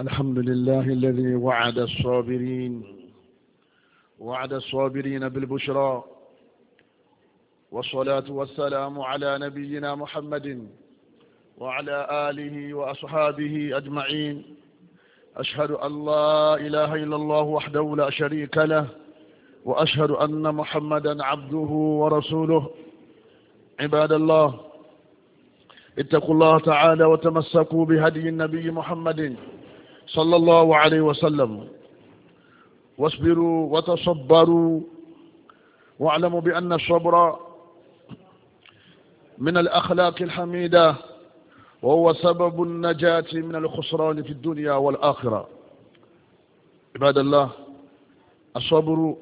الحمد لله الذي وعد الصابرين وعد الصابرين بالبشرى والصلاة والسلام على نبينا محمد وعلى آله وأصحابه أجمعين أشهد أن لا إله إلا الله وحده لا شريك له وأشهد أن محمدا عبده ورسوله عباد الله اتقوا الله تعالى وتمسكوا بهدي النبي محمد صلى الله عليه وسلم واصبروا وتصبروا واعلموا بأن الصبر من الأخلاق الحميدة وهو سبب النجاة من الخسران في الدنيا والآخرة عباد الله الصبر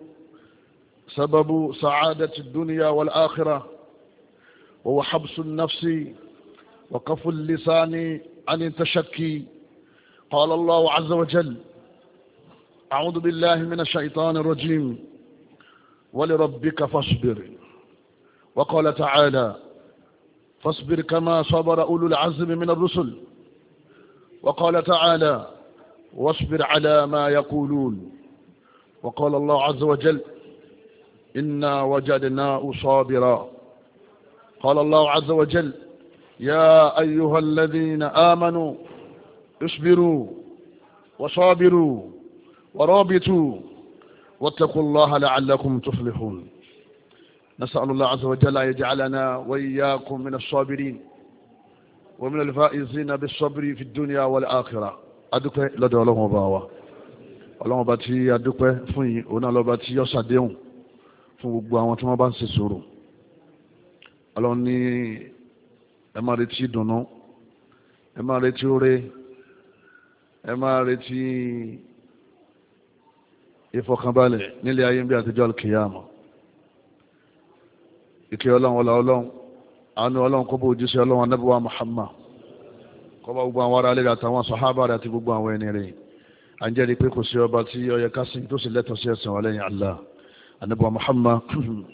سبب سعادة الدنيا والآخرة وهو حبس النفس وقف اللسان عن التشكي قال الله عز وجل أعوذ بالله من الشيطان الرجيم ولربك فاصبر وقال تعالى فاصبر كما صبر أولو العزم من الرسل وقال تعالى واصبر على ما يقولون وقال الله عز وجل إنا وجدناه صابرا قال الله عز وجل يا أيها الذين آمنوا اصبروا وصابروا ورابطوا واتقوا الله لعلكم تفلحون نسأل الله عز وجل أن يجعلنا وإياكم من الصابرين ومن الفائزين بالصبر في الدنيا والآخرة adúpẹ́ lọ́dọ̀ ọlọ́run ọba wa ọlọ́run ọba tí adúpẹ́ fún yìí òun náà lọ́ba tí yọ́sàdéhùn fún gbogbo àwọn tí wọ́n bá ń ṣe sòrò ọlọ́run ní ẹ máa retí dùnnú ẹ máa retí oore ẹ máa retí ìfọkànbalẹ̀ nílé ayé bí àtijọ́ kìyàmọ̀ ìkẹ́ ọlọ́run ọlá ọlọ́run àánú ọlọ́run kó bó ojúṣe ọlọ́run anábíwá Muhammad kó bá gbogbo àwọn ará lẹ́rẹ̀ àtàwọn sàhábà rẹ̀ àti gbogbo àwọn ẹni rẹ̀ à ń jẹ́rìí pé kò sí ọba tí ó yẹ ká sìn tó sì lẹ́tọ̀ọ́ sí ẹ̀sìn ọlẹ́yìn Allah anábíwá Muhammad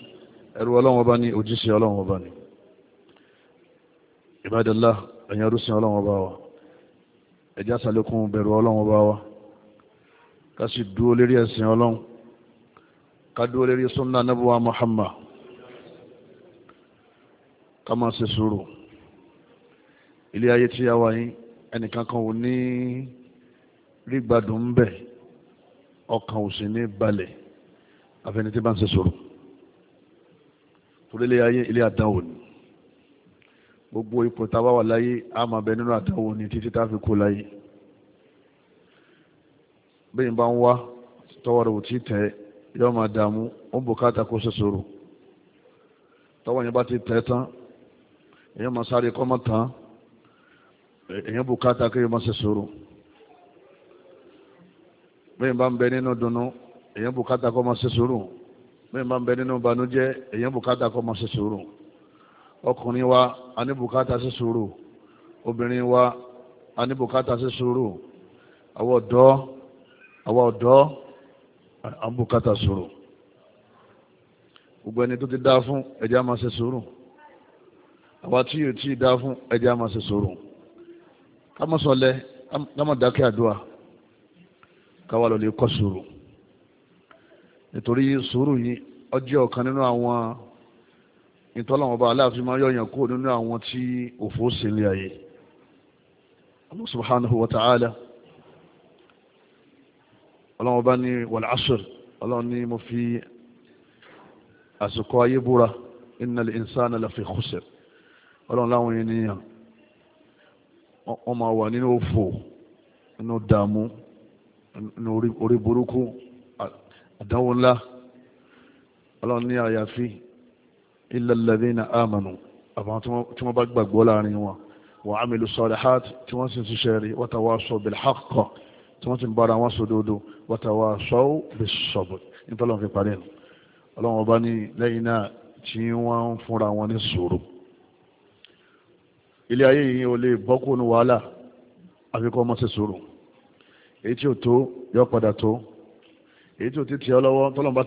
ẹrú ọlọ́run ọba ní ojúṣe ọlọ́run ọba ní Ibadallah ẹ̀yìn ọdún ọlọ́run ọba wa ẹja sàlékún bẹ̀rù ọlọ́run bá wa ká sì dúró lérí ẹ̀sìn ọlọ́run ká dúró lérí sunna nabuwa muhammad ká máa ṣe sùúrù ilé ayé tí a wà yín ẹnìkan kan ò ní rí ń bẹ̀ ọkàn ò sì ní balẹ̀ àfẹnití bá ń ṣe sùúrù torí ilé ayé ilé àdánwò ni gbogbo ipò tá a bá wà láyé a máa bẹ nínú àtàwọ ní títí tá a fi kú láyé bẹ́yìn bá ń wá tọ́wọ́ rẹ̀ ò tí tẹ̀ yọ máa dààmú ó ń bùkátà kó ṣoṣoro tọ́wọ́ yẹn bá ti tẹ̀ tán èèyàn máa sáré kọ́ tán èèyàn bùkátà kéèyàn máa ṣoṣoro bẹ́yìn bá ń bẹ nínú dùnnú èèyàn bùkátà kó máa ṣoṣoro bẹ́yìn bá ń bẹ nínú bànújẹ́ èèyàn bùkátà kó máa ṣoṣoro ọkùnrin wa a ní bùkátà sí sùúrù obìnrin wa a ní bùkátà sí sùúrù àwọn ọ̀dọ́ àwọn ọ̀dọ́ a ń bùkátà sùúrù gbogbo ẹni tó ti dá fún ẹjẹ́ a máa ṣe sùúrù àwa tí yóò tí ì dá fún ẹjẹ́ máa ṣe sùúrù ká má àdúrà káwa lọ lè kọ́ sùúrù nítorí sùúrù yìí ó ọ̀kan nínú àwọn ìtọ́láwọn ọba aláàfin máa yọ̀yàn kó nínú àwọn tí òfò sí ilé ayé Allah subhanahu wa ta'ala ọlọ́run ọba ní wal asr ọlọ́run ní mo fi àsìkò ayé búra innal insana lafi khusr ọlọ́run láwọn ènìyàn wọ́n máa wà nínú òfò nínú dààmú nínú orí burúkú àdánwò ńlá ọlọ́run ní àyàfi illa alladhina amanu àwọn tí wọ́n bá gbàgbọ́ láàrin wọn wa amilu salihat tí wọ́n sì ń ṣiṣẹ́ rí wa tawasaw bil haqq tí wọ́n sì ń bára wọn sòdodo wa tawasaw bis sabr nítorí wọn fi parí nù ọlọ́run ọba ní lẹ́yìn náà tí wọ́n ń fúnra wọn ní sùúrù ilé ayé yìí ò lè bọ́kù ní wàhálà àfikọ́ ọmọ sí sùúrù èyí tí ò tó yọ padà tó èyí tí ò ti tì lọ́wọ́ tọ́lọ́mùbá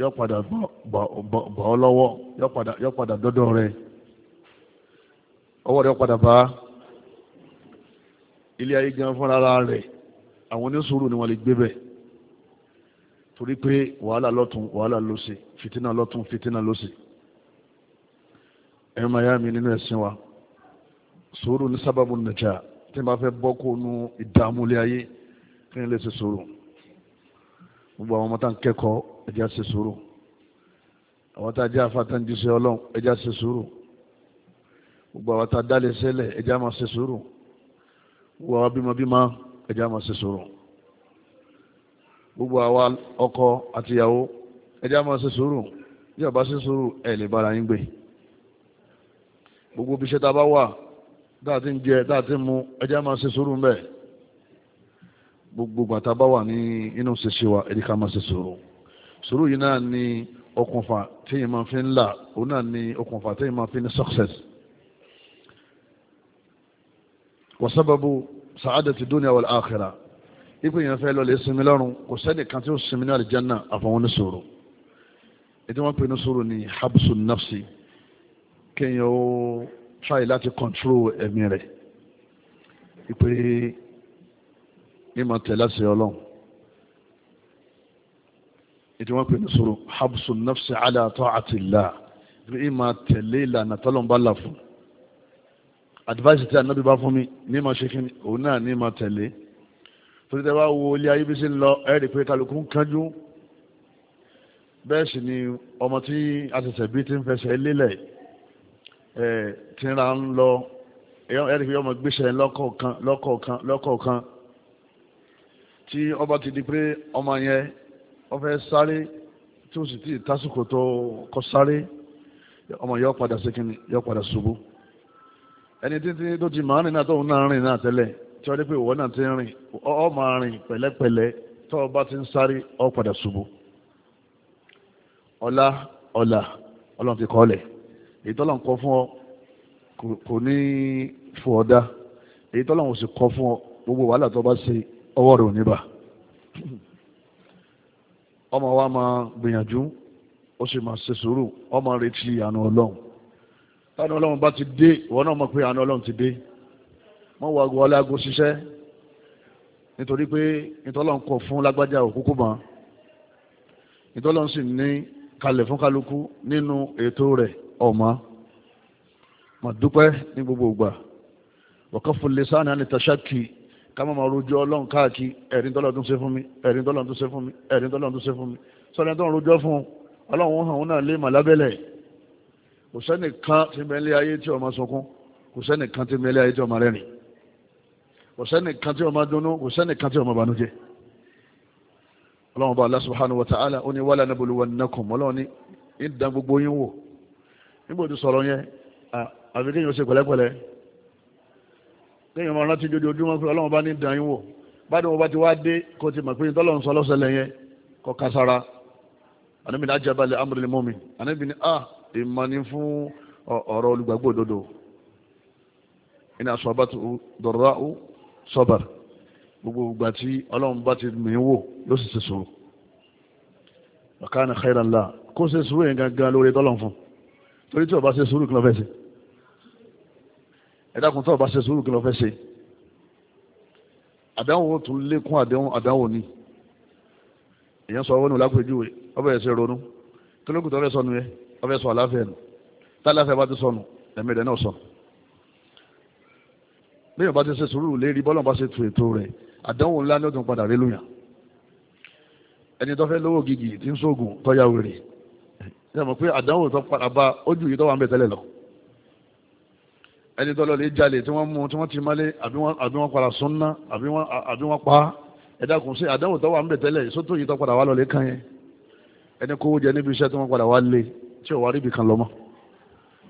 yọ padà bọ̀ ọ́ lọ́wọ́ yọ padà dọ́dọ̀ rẹ̀ ọwọ́ rẹ̀ yọ padà bá ilé ayé gan fúnra rẹ̀ àwọn onísùúrù ni wọ́n lè gbé bẹ̀ torí pé wàhálà lọ́tún wàhálà lọ́sẹ̀ fìtínà lọ́tún fìtínà lọ́sẹ̀ ẹ̀rọ mayami nínú ẹ̀sìn wa sùúrù ní sábàbù nàjà tí n bá fẹ́ bọ́ kó nu ìdààmú ilé ayé kí n lè ṣe sùúrù gbogbo àwọn ọmọ tá ń kẹ́kọ̀ọ́ ẹja ṣe sùúrù àwọn tá a jẹ́ afáàtàn jíṣẹ́ ọlọ́run ẹja ṣe sùúrù gbogbo àwọn tá a dálé sẹ́lẹ̀ ẹja máa ṣe sùúrù gbogbo àwọn bímọbímọ ẹja máa ṣe sùúrù gbogbo àwọn ọkọ àtìyàwó ẹja máa ṣe sùúrù yóò bá ṣe sùúrù ẹ̀ lè bára yín gbé gbogbo bí tá a bá wà dáàtí ń jẹ dáàtí ń mu ẹjẹ́ máa ṣe sùúrù mbẹ́ gbogbo bàtà bá wà ní inú ṣe ṣe wa ẹ̀dí ká máa ṣe sùúrù sùúrù yìí náà ni okùnfà téèyàn máa fi ń là òun náà ni okùnfà téèyàn máa fi ní success wa sababu sa'adati dunya wal akhirah ipò yẹn fẹ́ lọ́lẹ̀ sinmi lọ́rùn kò sẹ́ni kan tí ó sinmi náà aljanna àfọwọ́n ní sùúrù ètò wọn pe ní sùúrù ni habsun nafsi kéèyàn ó try láti control ẹ̀mí rẹ̀ ìpè ní ma tẹ̀lé àṣẹ ọlọ́run ètò wọn pè ní sùúrù habsun nafsi ala ta'atillah bí i máa tẹ̀lé ìlànà tọ́lọ́mbà là fún advice tí anábì bá fún mi ní ma ṣe kíni òun náà ní ma tẹ̀lé torí tẹ́ bá wo ilé ayé bí sí ń lọ ẹ̀rì pé kálukú ń kánjú bẹ́ẹ̀ sì ni ọmọ tí àṣẹ̀ṣẹ̀ bí ti ń fẹsẹ̀ lélẹ̀ ẹ̀ tí ra ń lọ ẹ̀rì pé ọmọ gbéṣẹ́ lọ́kọ̀ọ̀kan lọ́kọ̀ọ̀kan lọ́kọ̀ọ̀kan tí ọba ti di pé ọmọ yẹn Ọ fẹ́ sáré tí ó sì ti tásìkò tó kọ sáré ọmọ yọ padà sí yọ padà ṣubú ẹni títí tó ti máa rìn náà náà rìn náà tẹ́lẹ̀ tí pé náà ti rìn ọ máa rìn pẹ̀lẹ́pẹ̀lẹ́ tó o bá ti ń sáré ọ padà ṣubú ọlá ọlá ti èyí fún ọ kò ní fún ọ dá èyí sì ọ bá ṣe ọwọ́ ọmọ wa máa gbìyànjú ó sì máa ṣe sùúrù ọmọ retí àánú ọlọ́run táwọn ọlọ́run bá ti dé ìwọ náà mọ̀ pé àánú ọlọ́run ti dé mọ́ wọ aago ọlágo ṣiṣẹ́ nítorí pé ìtọ́lọ́run kọ̀ fún lágbájá òkúkú mọ́ ìtọ́lọ́run sì ní kalẹ̀ fún kálukú nínú ètò rẹ̀ ọ̀mọ́ mà dúpẹ́ ní gbogbo ìgbà wọ́n kọ́ fún lè sáà ní ànìtàṣákì ká má máa rojọ́ ọlọ́run káàkiri ẹ̀rín tọ́lọ́ tún ṣe fún mi ẹ̀rín tọ́lọ́ tún ṣe fún mi ẹ̀rín tọ́lọ́ tún ṣe fún mi sọ́ni tó ń rojọ́ fún ọlọ́run hàn òun náà lé mà lábẹ́lẹ̀ kò sẹ́nì kan tí mẹ́lẹ́ ayé tí ọmọ sunkún kò sẹ́nì kan tí mẹ́lẹ́ ayé tí ọmọ rẹ́rìn kò sẹ́nì kan tí ọmọ dunnú kò sẹ́nì kan tí ọmọ banújẹ́ ọlọ́run bá Allah subhanahu wa ta'ala ó ní wala nabluwannakum ọlọ́run ní ìdá gbogbo yín wò nígbà tó sọ̀rọ̀ yẹn àbíkẹ́yìn ó ṣe kéèyàn máa rántí dojoojúmọ́ pé ọlọ́run bá ní dàn yín wò bá dé wọn bá ti wá dé kó ti mọ̀ pé tọ́lọ́run sọ lọ́sẹ̀lẹ̀ yẹn kọ́ kására ànábì ní ajábalẹ̀ mọ́mi ànábì ní ah ìmọ̀ni fún ọ̀rọ̀ olùgbàgbọ́ òdodo iná sọ́bàtú dọ̀rọ̀ sọ́bà gbogbo ìgbà tí ọlọ́run bá ti mì í wò yóò sì ṣe sòrò ọ̀ká ni khairan la kó ṣe sùúrù yẹn gangan lórí tọ́lọ́run fún torí tí ó ṣe sùúrù kí ló fẹ́ ṣe ẹ̀dàkùn tó bá ṣe sùúrù kí ló fẹ́ ṣe àdánwò tún lékún àdánwò àdánwò ni èèyàn sọ owó nù lápèjúwe ọbẹ̀ ẹ̀ṣẹ̀ ronú kí ló kù tọ́lẹ̀ sọnù yẹ ọbẹ̀ sọ àláfẹ́ nù tálàfẹ́ bá ti sọnù ẹ̀mí rẹ̀ náà sọ bí yóò bá ti ṣe sùúrù lérí bọ́lọ̀ bá ṣe tu ètò rẹ̀ àdánwò ńlá ni ó tún padà rí lóyàn ẹni tó fẹ́ lówó gidi tí ń sóògùn tọ́yà wèrè ẹ mọ̀ pé àdánwò tó padà bá ojú yìí tó wà ń bẹ̀ tẹ́lẹ̀ lọ ẹni tọ́lọ́ lè jalè tí wọ́n mú tí wọ́n ti mọ́lé àbí wọ́n padà súnná àbí wọ́n pa ẹ̀dá kùn sí àdánwò tó wà ń bẹ̀ tẹ́lẹ̀ sótò yìí tó padà wà lọ́lẹ̀ kan yẹn ẹni kówó jẹ níbi iṣẹ́ tí wọ́n padà wà lé tí ò wá ríbi kan lọ́mọ́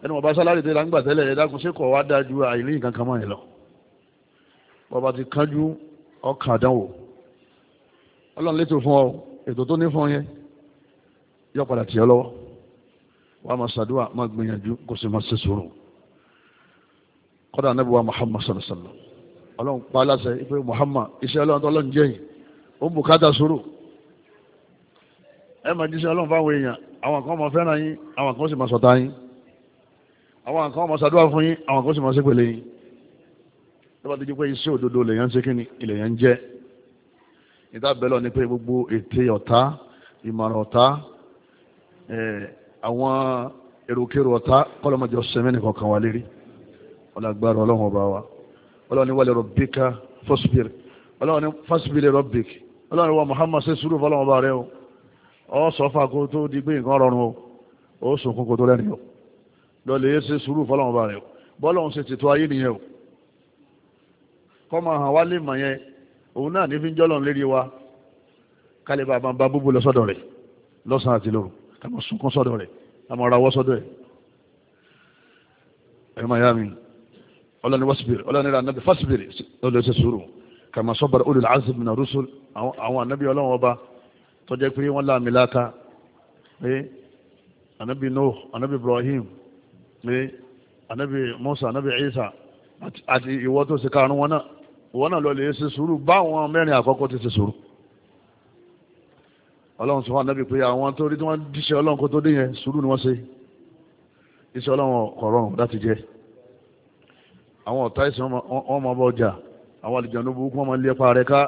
ẹni wọ́n bá sálárì tẹ́lẹ̀ àgbà tẹ́lẹ̀ ẹ̀dá kùn sí kọ̀ wá dájú àìní nǹkan kan mọ́ yẹn lọ bàbá ti kánjú ọkàn àdánwò ọlọ́run kọ́dà ànábì wa Muhammad sallallahu alaihi wasallam ọlọ́run pa aláṣẹ ipe Muhammad iṣẹ́ ọlọ́run tó ọlọ́run jẹ́yìn ó bùkátà sùúrù ẹ máa jíṣẹ́ ọlọ́run fáwọn èèyàn àwọn kan máa fẹ́ràn yín àwọn kan sì máa ṣọ̀tá yín àwọn kan máa ṣàdúrà fún yín àwọn kan sì máa ṣépèlé yín lọ́ba tó jẹ́ pé iṣẹ́ òdodo lèèyàn ń ṣe kíni ìlèyàn ń jẹ́ ìta bẹ́lọ̀ ni pé gbogbo ète ọ̀tá ìmọ̀ràn ọ̀tá àwọn èròkèrò ọ̀tá kọ́lọ́mọjọ sẹ́mẹ́nì kọ̀ọ̀kan wà lérí ọlágbára ọlọ́run ọba wa ọlọ́run ni wà lè rọ̀bíkà fọ́sibìrì ọlọ́run ní fọ́sibìrì rọ̀bík ọlọ́run wa Muhammad ṣe sùúrù fọlọ́run ọba rẹ o ọ sọ fà kó tó di gbé nǹkan rọrùn o ó sùn kó kó tó lẹ́nu o lọ́lẹ̀ yé ṣe sùúrù fọlọ́run ọba rẹ o bọ́lọ́run ṣe tètò ayé nìyẹn o kọ́mọ hàn wá lè mọ̀ yẹn òun náà ní fi ń jọ́lọ̀ lérí wa kálí bàbá bá búbu lọ sọ́dọ̀ ọlọ́ni wasbir ọlọ́ni ra anabi fasbiri ọlọ́ni ṣe sùúrù kàmá sọ́bàrà olùlà azim na rusul àwọn anabi ọlọ́wọ́n ọba tọ́jà pé wọ́n láàmì láta pé anabi nuh anabi ibrahim pé anabi musa anabi isa àti ìwọ tó ṣe karùn wọn náà ìwọ náà lọ́ọ́ lè ṣe sùúrù báwọn mẹ́rin àkọ́kọ́ ti ṣe sùúrù ọlọ́run sọ fún anabi pé àwọn tó rí tí wọ́n díṣẹ́ ọlọ́run kó tó dé yẹn sùúrù ni wọ́n ṣe iṣẹ́ ọlọ́run kọ̀ọ̀rọ̀ láti jẹ́ àwọn ọ̀tá ìsìn wọn máa bọ ọjà àwọn àlìjànú burúkú wọn máa lé ẹ̀pà rẹ ká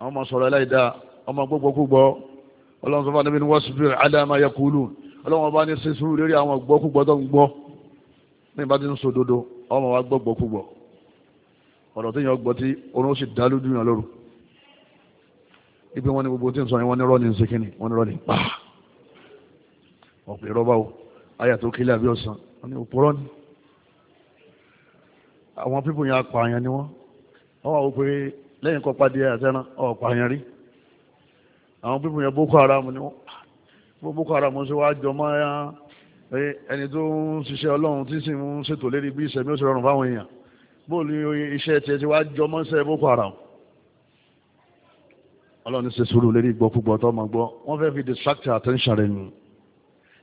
àwọn máa sọ̀rọ̀ aláìda wọn máa gbọ́gbọ́ kú ọlọ́run sọ́fà níbi ni wọ́n sùn bí aláàmà yẹ kúlù ọlọ́run ọba ní sísun lórí àwọn gbọ́kúgbọ́ tó ń gbọ́ ní ìbá ti ń sòdodo ọmọ wa gbọ́gbọ́ kú gbọ́ ọ̀rọ̀ tí yẹn gbọ́ tí oorun sì dá lójú yàn lóru ibi wọn ni gbogbo tí ń sọ yẹn wọn ní rọ́ọ̀nì ń sekínì wọn ní rọ́ọ̀nì pa ọ̀pẹ̀ rọ́bà o ayà kílẹ̀ àbí ọ̀sán wọn ní òpó rọ́ọ̀nì àwọn pípò yẹn apààyàn ni wọ́n wọ́n wà ó pé lẹ́yìn kọ́ pàdé àtẹ́rán ọ̀pààyàn rí àwọn pípò yẹn boko haram ni wọ́n boko haram ṣe wá jọ mọ́ ẹni tó ń ṣiṣẹ́ ọlọ́run tí sì ń ṣètò lérí bí ìṣẹ̀mí ó ṣe rọrùn fáwọn èèyàn bóòlù iṣẹ́ tiẹ̀ ti wá jọ mọ́ ṣe boko haram ọlọ́run ṣe sùúrù lérí gbọ́kúgbọ́ tó máa gbọ́ wọ́n fẹ́ fi distract attention rẹ̀ nù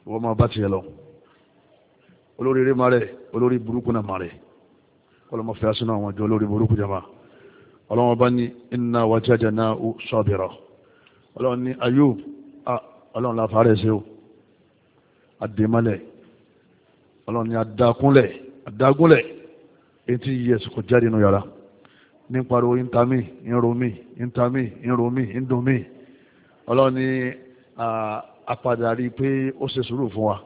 ìwọ́n máa bá tiẹ̀ lọ olórí eré máa rẹ̀ olórí burúkú náà máa rẹ̀ kọlọmọ fẹ́ sínú àwọn àjọ lórí burúkú jama ọlọ́wọ́n bá ní inna wajadnahu sabira ọlọ́wọ́n ní Ayub ọlọ́wọ́n la fàárẹ̀ sí o àdèmálẹ̀ ọlọ́wọ́n ní adákúnlẹ̀ adágúnlẹ̀ etí years kò jáde nínú yàrá ní pariwo intami inromi intami inromi indomi ọlọ́wọ́n ní apadà rí i pé ó ṣe sùúrù fún wa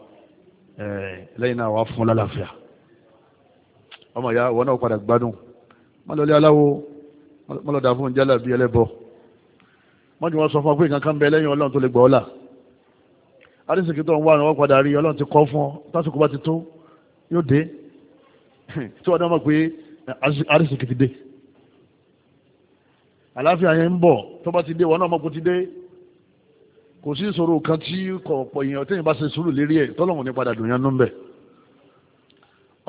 lẹ́yìn náà wàá fún lálàáfíà ọmọ ìyá ìwọ náà padà gbádùn mọ́lọ́lẹ́ aláwo mọ́lọ́dà fún jálà bí ẹlẹ́bọ wọ́n ti wọ́n sọ fún ọ pé nǹkan kan bẹ lẹ́yìn ọlọ́run tó lè gbọ́ ọ́ là arísìkí tó ń wá àwọn padà rí ọlọ́run ti kọ́ fún ọ tásìkò bá ti tó yóò dé tí wọ́n dá mọ̀ pé arísìkí ti dé àláfíà yẹn ń bọ̀ tó bá ti dé wọn náà mọ̀ kó ti dé kò sí ìṣòro kan tí kò pọ̀ èèyàn téèyàn bá ṣe sùúrù lérí ẹ̀ tọ́lọ́run ní padà dùn yẹn nú bẹ́ẹ̀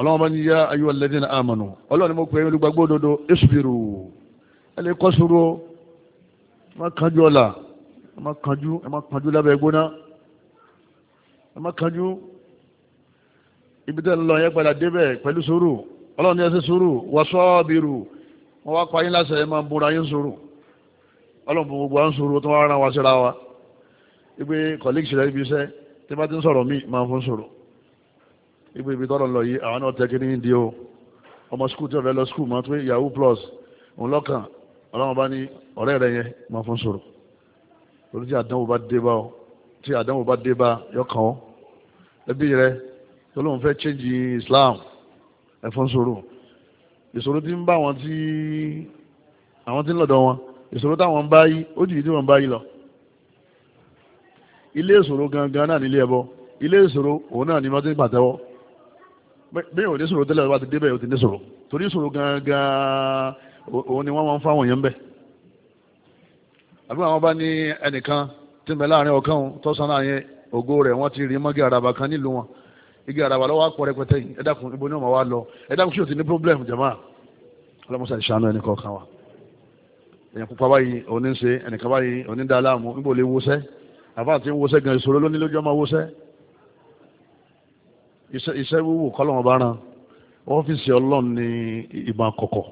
ọlọ́run bá ní yá ayé ọlẹ́dẹ́ náà àmọ̀nù ọlọ́run ni mo pè é olùgbàgbọ́ òdodo ìṣubìrù ẹ lè kọ́ sóró ẹ má kanjú ọ̀la ẹ má kanjú ẹ má kanjú lábẹ́ gbóná ẹ má kanjú ibi tẹ́ ń lọ yẹn padà débẹ̀ pẹ̀lú sùúrù ọlọ́run ní ẹ ṣe sùúrù wasọ́ọ̀bìrù wọ́n wá pa yín láṣẹ ẹ máa ń búra yín sùúrù ọlọ́run gbogbo à sùúrù tó wá rán wa síra wa ibi kọ̀líkì ibi ibi tọ́lọ̀ lọ yìí àwọn náà tẹ́kí ní ìdí o ọmọ skul tí ó fẹ́ lọ skul máa tún yahoo plus òun lọ́kàn ọlọ́run bá ní ọ̀rẹ́ rẹ yẹn máa fún sọ̀rọ̀ torí tí àdánwò bá dé bá ọ tí àdánwò bá dé bá yọkàn ọ ẹbí rẹ tó fẹ́ change Islam ẹ fún sọ̀rọ̀ ìṣòro tí ń bá àwọn tí àwọn tí ń lọ́dọ̀ wọn ìṣòro táwọn ń bá yí ó jìyí tí wọ́n ń bá yí lọ ilé ìṣòro gangan náà nílé ẹbọ ilé ìṣòro òun náà ní mọ́tí pàtẹ́wọ́ bẹ́ẹ̀ ò ní sọ̀rọ̀ tẹ́lẹ̀ wá ti débẹ̀ ò ti ní sọ̀rọ̀ torí sọ̀rọ̀ gangan òun ni wọ́n máa ń fáwọn èèyàn bẹ̀. àbí àwọn bá ní ẹnìkan tí ń bẹ láàrin ọ̀kan tọ́sán náà yẹn ògo rẹ̀ wọ́n ti rí mọ́gí àràbà kan nílùú wọn igi àràbà lọ́wọ́ àpọ̀ rẹpẹtẹ yìí ẹ̀dàkùn ibo ni wọ́n wá lọ ẹ̀dàkùn sí òtí ní problem jama ọlọ́mọsà ìṣàánú ẹnì kọ̀ọ̀kan wa èèyàn pupa báyìí òní ń ṣe ẹnìkan báyìí òní ń da aláàmú níbo lè wọṣẹ́ àbá àti wọṣẹ́ gan ìṣòro lónìí lójú ọmọ wọṣẹ́ iṣẹ́ wíwò kọ́lọ́wọ́n bá rán ọ́fíìsì ọlọ́run ní ìmọ̀ àkọ́kọ́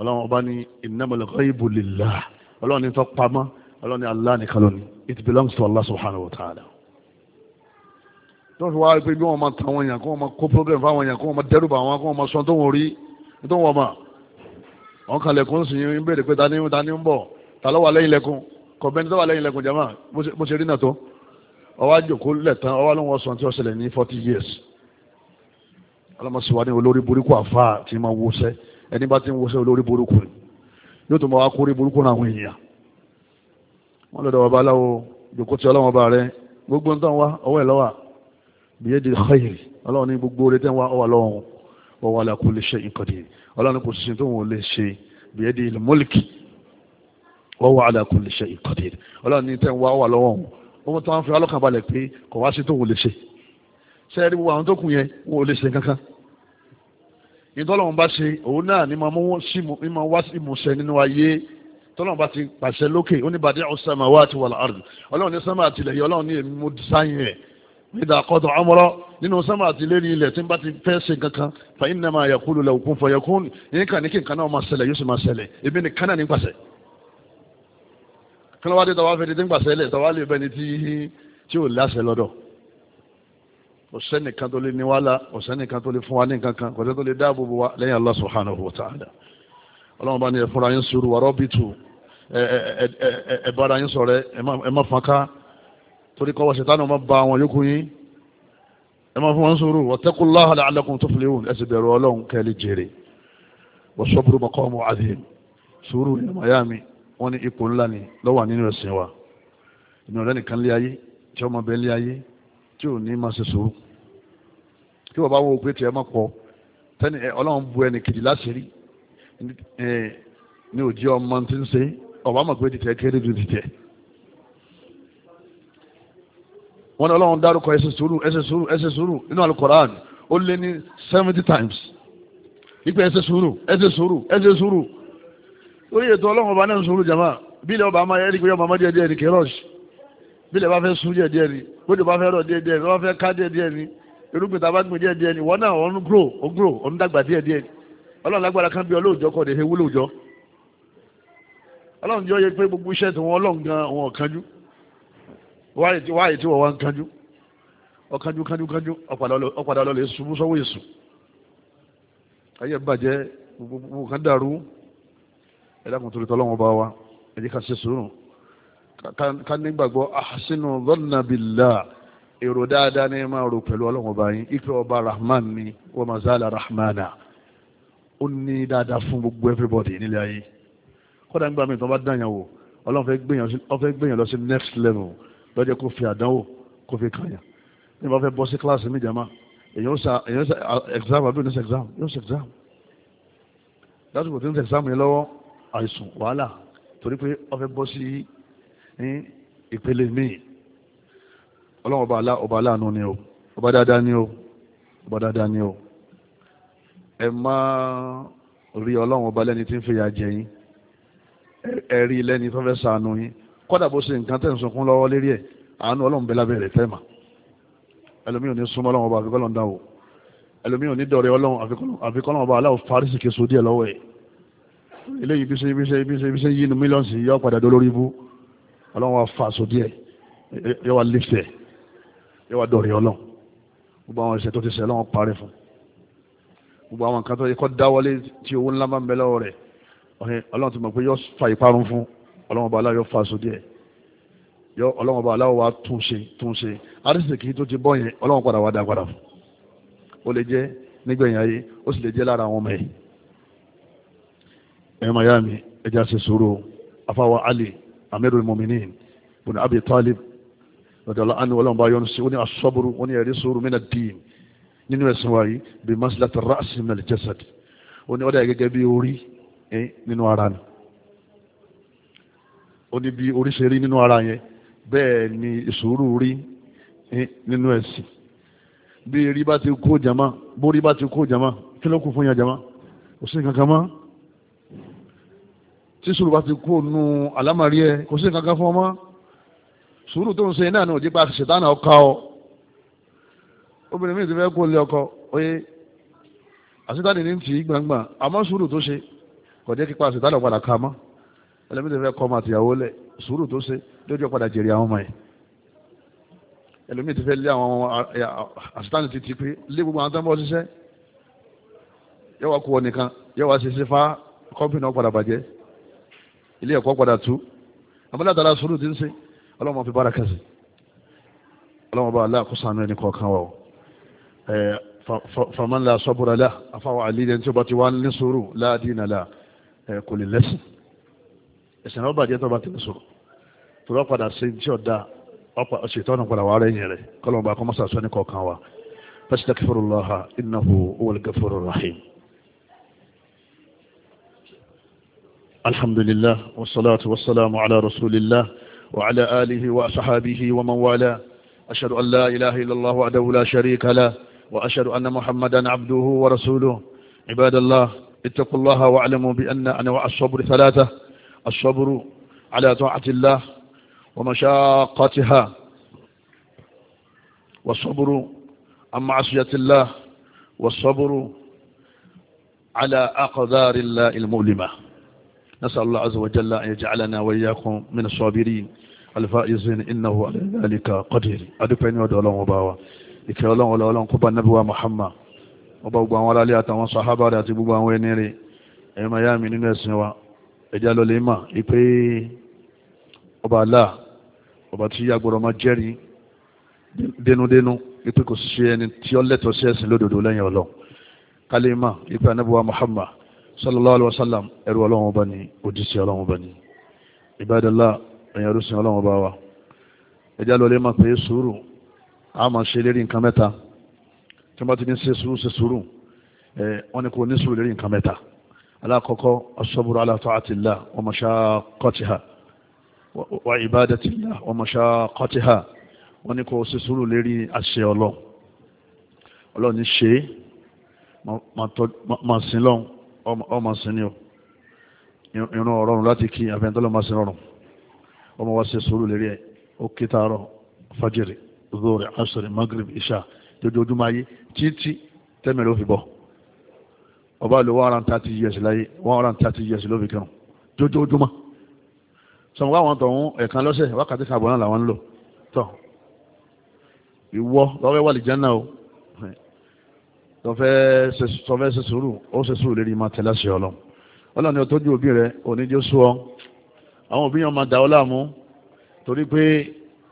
ọlọ́run ọba ní innamal ghaibu lillah ọlọ́run ní tó pamọ́ ọlọ́run ní Allah ni lónìí it belongs to Allah subhanahu wa ta'ala tó fi wá pé bí wọ́n máa tàwọn èèyàn kó wọ́n máa kó problem fáwọn èèyàn kó wọ́n máa dẹ́rù bà wọn kó wọ́n máa sọ tó wọ́n rí tó wọ́n mà wọ́n kalẹ̀ kó ń sìn yín béèrè pé ta ni ta ni ń bọ̀ ta ló wà lẹ́yìn lẹ́kùn kọ̀bẹ́ni tó wà lẹ́yìn lẹ́kùn jama bó ṣe rí náà tó ọwọ́ àjòkó lẹ̀tàn ọwọ́ ló ń wọ́n sọ tí ó ṣẹlẹ̀ ní forty years alámọ̀síwá ní olórí burúkú àfa tí ma wọṣẹ́ ẹni bá ti ń wọṣẹ́ olórí burúkú ni yóò tó ma wá kórí burúkú náà àwọn èèyàn wọ́n lọ́dọ̀ wà bá aláwo jòkó tí ọlọ́wọ́n bá rẹ gbogbo ń tán wá ọwọ́ ẹ̀ lọ́wà bìyẹ́ di xeyìrì ọlọ́wọ́n ní gbogbo orí tẹ́ ń wá ọwọ́ lọ́wọ́n wọ́n wà lákú lè ṣe nǹkan dì ọlọ́wọ́n kò owó tó wá ń fi alọ́kàn balẹ̀ pé kò wá sí tó wò lè ṣe ṣe é rí gbogbo àwọn tó kù yẹn wọn ò lè ṣe kankan ìtọ́lọ́wọ́n bá ṣe òun náà ni máa mú sí máa wá sí ìmúṣẹ nínú ayé tọ́lọ́wọ́n bá ti pàṣẹ lókè ó ní bàdé as-samawati wal-ard ọlọ́run ní sánmà àtìlẹ̀ yìí ọlọ́run ní èmi mo sáyìn ẹ̀ nígbà kọ́tọ̀ amọ́rọ́ nínú sánmà àtìlẹ̀ ní ilẹ̀ tí ń bá ti fẹ́ ṣe kankan fa innama yaqulu lahu kun fayakun yìí kàn ní kí nǹkan náà máa yóò sì máa ṣẹlẹ̀ èmi nìkan náà ní pàṣẹ kí wọ́n wá dé tọ́wá fẹ́ẹ́ dídí ń gbàsẹ́ lẹ̀ tọ́wá lè bẹ́ni tí ò láṣẹ lọ́dọ̀ ọ̀sẹ́nìkan tó lè ní wàhálà ọ̀sẹ́nìkan tó lè fún wa ní nǹkan kan kọ̀tẹ́ tó lè dáàbò bo wa lẹ́yìn Allah subhanahu wa ta'ala ọlọ́run bá ní ẹ̀fúnra yín sùúrù wàrọ́ bí tù ẹ bára yín ṣọ̀rẹ́ ẹ má fọ́nká torí kọ́wọ́ ṣètánù má ba àwọn yòókù yín ẹ má fún wọn sùúrù wattaqullaha la'allakum tuflihun ẹ sì bẹ̀rù ọlọ́run kẹ́ jèrè wọ́n sọ́bùrù wọ́n ní ipò ńlá ni lọ́wọ́ nínú ẹ̀sìn wa ìnú ọ̀rẹ́ nìkan lé ayé tí ọmọ bẹ́ẹ̀ lé ayé tí ò ní máa ṣe sùúrù kí wọ́n bá wo pé tiẹ̀ máa pọ̀ tẹ́ni ọlọ́run bu ẹnì kejì láṣìírí ní òjì ọmọ tí ń ṣe ọba mọ̀ pé tìtẹ̀ kéré ju tìtẹ̀ wọ́n ní ọlọ́run dárúkọ ẹsẹ̀ sùúrù ẹsẹ̀ sùúrù ẹsẹ̀ sùúrù nínú alukoran ó lé ní seventy times ipe ẹsẹ̀ sùúrù ẹsẹ̀ sùúrù ẹsẹ̀ sùúrù Oye, ètò ọlọ́run ọba náà ń sọ̀rọ̀ jama bílẹ̀ ọba máa yẹ́rì pé ọba máa díẹ̀ díẹ̀ ní kéròsì bílẹ̀ bá fẹ́ sún díẹ̀ díẹ̀ ni bóde bá fẹ́ rọ̀ díẹ̀ díẹ̀ ni bá fẹ́ ká díẹ̀ díẹ̀ ni irúgbìn tá a bá gbìn díẹ̀ díẹ̀ ni wọ́n náà ọ̀n gúrò ọ̀n gúrò ọ̀n dàgbà díẹ̀ díẹ̀ ni ọlọ́run lágbára kan bí ọlọ́ọ̀jọ́ kọ́ dèhe wúlòjọ́ ọlọ́run jọ yẹ pé gbogbo iṣẹ́ tí wọ́n ọlọ́run gan wọn kanjú wáyé tí wọ́n wá ń kanjú ọ̀kanjú kanjú kanjú ọ̀padà ọlọ́lẹ̀ sọ́wọ́ èṣù ayé bàjẹ́ gbogbo kan dàrú ẹ̀dàkùn torí tọ́lọ́wọ́n bá wa ẹ jẹ́ ká ṣe sùúrù ká nígbàgbọ́ ahsinu dhanna billah èrò dáadáa ní máa rò pẹ̀lú ọlọ́wọ́n bá yín ife ọba rahman ni wa mazala rahmana ó ní dáadáa fún gbogbo everybody nílé ayé kọ́dà nígbà míì tó bá dáyàn wò ọlọ́run fẹ́ gbìyàn lọ sí next level lọ́jọ́ kó fi àdánwò kó fi kàyàn nígbà fẹ́ bọ́ sí kíláàsì mi jàmá èyàn sa èyàn sa exam àbí oníṣẹ́ exam yóò ṣe exam lásìkò tí ń ṣe exam yẹn lọ́wọ́ àìsùn wàhálà torí pé wọ́n fẹ́ bọ́ sí ní ìpele míì ọlọ́run ọba alá ọba aláàánú ni o ọba dáadáa ni o ọba dáadáa ni o ẹ má rí ọlọ́run ọba lẹ́ni tí ń fìyà jẹ yín ẹ rí lẹ́ni tó fẹ́ ṣàánú yín kọ́dà bó ṣe nǹkan tẹ̀ ń sunkún lọ́wọ́ lérí ẹ̀ àánú ọlọ́run bẹ lábẹ́ rẹ̀ fẹ́ẹ̀mà ẹlòmíì ò ní súnmọ́ ọlọ́run ọba àfikọ́lọ́n dáwò ẹlòmíì ò ní dọ̀rẹ́ ọlọ́run àfikọ́lọ́n ọba aláwọ̀ fárísì kẹsọ́ lọ́wọ́ ẹ̀ eléyìí bí ṣe bí ṣe bí ṣe bí ṣe yínú mílíọ̀nsì yọ padà dó lórí ibú ọlọ́run wa fa aṣọ díẹ̀ yọ wa lífẹ̀ yọ wa dọ̀rẹ́ ọlọ́run gbogbo àwọn ìṣẹ́ tó ti ṣe ọlọ́run parí fún gbogbo àwọn nǹkan tó yẹ kọ́ dáwọlé tí owó ńlá máa ń bẹ lọ́wọ́ rẹ̀ ọlọ́run ti mọ̀ pé yọ fa ìparun fún ọlọ́run bá aláyọ̀ fa aṣọ díẹ̀ yọ ọlọ́run bá aláwọ̀ wa tún ṣe tún ṣe arísìkì ẹ̀yẹ́ miami ẹja ṣe sùúrù afáwa ali amirul muminin bùnú abi talib ọ̀dọ̀lá anu ọlọ́mọba yọnu sí ó ní asọ́bùrù ó ní ẹ̀rí sùúrù mí nínú ẹ̀sìn wáyé bí masilata rasi minal jasad ó ní ọ̀dà gẹ́gẹ́ bí orí nínú ara ni ó ní bí orí ṣe rí nínú ara yẹn bẹ́ẹ̀ ni ìṣòro rí nínú ẹ̀sìn bí rí bá ti kó jama bó rí bá ti kó jama kí ló kù fún yàn jama kò sí nǹkan kan mọ́ tí sùúrù bá ti kú ònú àlámàrí ẹ kò sí nǹkan fún ọmọ sùúrù tó ń ṣe náà ní òjì pa ṣètánà ọkà ọ obìnrin mi ti fẹ́ kó lé ọkọ oyè àṣetánì ní ti gbangba àmọ́ sùúrù tó ṣe kò jẹ́ kípa àṣetánì ọ̀padà ká mọ́ ẹlẹ́mìtì fẹ́ kọ́ ọmọ àtìyàwó lẹ̀ sùúrù tó ṣe lójú ọ̀padà jèrè àwọn ọmọ yẹn ẹlòmíì ti fẹ́ lé àwọn àṣetánì ti ti pé lé gbogbo àwọn tẹ́ńbọ̀ ṣiṣẹ́ yẹ wá kú ọ nìkan yẹ wá ṣe fá kọ́mpìnì ọ̀padà bàjẹ́ ilé ẹ̀kọ́ padà tú àmọ́lá tààrà sùúrù ti ń ṣe ọlọ́mọ fi bára kẹsì ọlọ́mọ bá aláàkó sànú ẹni kọ̀ọ̀kan wa faman la sọ́bùrà lá afáwọ̀ àlílẹ̀ tí ó bá ti wá ní sùúrù láàdí ìnàlá kò lè lẹ́sìn ẹ̀sìn náà bàjẹ́ tó bá ti ní sùúrù tó padà sí tí ọ̀dà ṣètọ́nù padà wà rẹ̀ yẹn rẹ̀ kọ́lọ́mọ bá kọ́mọ́sà sọ́ni kọ̀ọ̀kan wa fasitakifurulaha innahu huwal gafurur rahim الحمد لله والصلاة والسلام على رسول الله وعلى آله وأصحابه ومن والاه أشهد أن لا إله إلا الله وحده لا شريك له وأشهد أن محمدا عبده ورسوله عباد الله اتقوا الله واعلموا بأن أنواع الصبر ثلاثة الصبر على طاعة الله ومشاقتها والصبر عن معصية الله والصبر على أقدار الله المؤلمة نسأل الله عز وجل أن يجعلنا وإياكم من الصابرين الفائزين إنه على ذلك قدير أدفع أن يدعو الله وباوا إكي الله ولا الله قبى النبي محمد وباوا ولا لي أتوا صحابة لا تبوا وينيري أيما يامي ننسي وا إجالو لما إكي ọba Allah ọba tí agbọ̀rọ̀ máa jẹ́rìí dénúdénú ipe kò sí ẹni tí ó lẹ́tọ̀ọ́ sí ẹ̀sìn lódodo lẹ́yìn ọlọ́ kálímà ipe anábíwá Muhammad sallallahu alaihi wasallam ẹrù ọlọ́run ọba ni òjíṣẹ́ ọlọ́run ọba ni ìbádọ́lá ẹ̀yìn ọdún ọlọ́run ọba wa ẹjá lọ lè máa pè é sùúrù a máa ṣe lérí nǹkan mẹ́ta tí wọ́n bá ti ní ṣe sùúrù ṣe sùúrù wọ́n ní kò ní sùúrù lérí nǹkan mẹ́ta alákọ̀ọ́kọ́ sin lọ́run ọmọ sinmi o irun ọ̀rọ̀run láti kí àfẹ́ntọ́lọ́ máa sin rọrùn ọmọ wa ṣe sùúrù lérí ẹ̀ ó kí taarọ̀ fajiri zori asiri magrib isha dojoojúmọ́ ayé títí tẹ́mi ló fi bọ̀ ọba lo one hundred and thirty years láyé one hundred and thirty years ló fi kírun dojoojúmọ́ sọ̀rọ̀ wá àwọn tọ̀hún ẹ̀kan lọ́sẹ̀ wákàtí kàbọ̀ náà làwọn ń lò tọ̀ ìwọ lọ́wọ́ wà lìjánná o tọ́fẹ́ ṣe sùúrù ó ṣe sùúrù lérí máa tẹ̀lé ṣe ọlọ́ ọlọ́ ni ọtọ́jú òbí rẹ òní jó sú ọ àwọn òbí yẹn máa da ọ láàmú torí pé